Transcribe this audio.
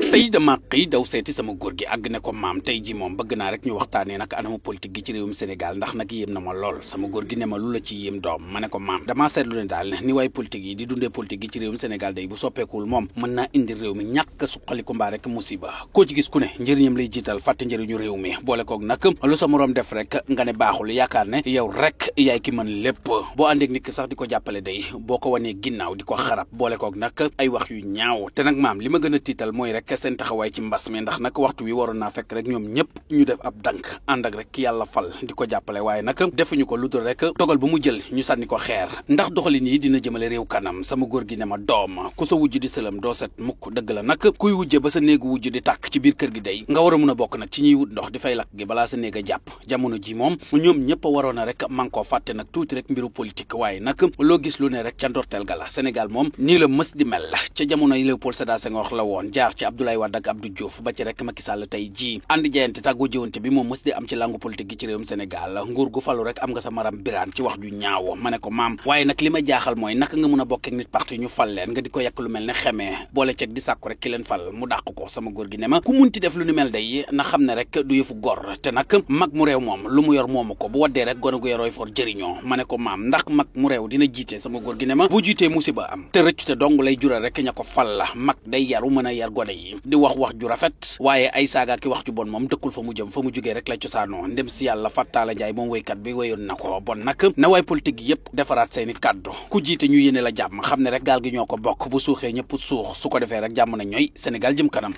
Seyda Makki daw seeti sama góor gi àgg ne ko maam tey ji moom bëgg naa rek ñu waxtaanee nag anamu politique gi ci réewum Sénégal ndax nag yéem na ma lool sama góor gi ne ma lu la ci yéem doom ma ne ko maam damaa seetlu ne daal ni waay politique yi di dundee politique gi ci réewum Sénégal day bu soppeekuwul moom mën naa indi réew mi ñàkk suqaliku mbaa rek musiba ko ci gis ku ne njëriñam lay jiital fàtte njëriñu réew mi boole nag lu sa moroom def rek nga ne baaxul yaakaar ne yow rek yaay ki mën lépp boo àndeeg nit ki sax di ko jàppale day boo ko wanee ginnaaw di ko xarab boole koog ay wax yu ñaaw te nag maam li ma gën a tiital mooy rek rek seen taxawaay ci mbas mi ndax nag waxtu wi waroon naa rek ñoom ñëpp ñu def ab dank ànd ak rek ki fal di ko jàppale waaye nag defuñu ko lu rek dogal bu mu jël ñu sànni ko xeer ndax doxalin yi dina jëmale réew kanam sama góor gi ne ma doom ku sa wujj di sëlam doo set mukk dëgg la nag kuy wujje ba sa néegu wujj di tàkk ci biir kër gi day nga war a mun a ci ñuy wut ndox di fay gi sa jamono ji moom ñoom ñëpp waroon rek man koo fàtte nag tuuti rek mbiru politique waaye nag loo gis lu ne rek ca ndorteel ga la mës di mel ca jamono la jaar ci ab Abdoulaye Wade ak Abdou Diouf ba ci rek Macky Sall tey jii andi jayante tàggoo jiwante bi moom mës di am ci langue politique gi ci réewum Sénégal nguur gu falu rek am nga sa maram biraan ci wax ju ñaaw ma ne ko maam waaye nag li ma jaaxal mooy naka nga mën a bokk ak nit parti ñu fal leen nga di ko yàq lu mel ne xemee boole ceeg di sàkku rek ki leen fal mu dàq ko sama góor gi ne ma ku munti def lu ni mel day na xam ne rek du yëfu gor te nag mag mu réew moom lu mu yor moomu ko bu waddee rek gone gu yorooy for jëriñoo ma ne ko maam ndax mag mu réew dina jiite sama góor gi ne ma bu jiitee musiba am te rëccu te dong lay jural rek ko fal la mag day yaru mën a yi yi di wax wax ju rafet waaye ay saaga ki wax ju bon moom dëkkul fa mu jëm fa mu jógee rek la cosaanoo ndem si yàlla Fattala Njaay moom woykat bi woyoon na ko bon nag na waay politique yëpp defaraat seeni kàddu ku jiite ñu yéene la jàmm xam ne rek gaal gi ñoo ko bokk bu suuxee ñëpp suux su ko defee rek jàmm na ñooy Sénégal jëm kanam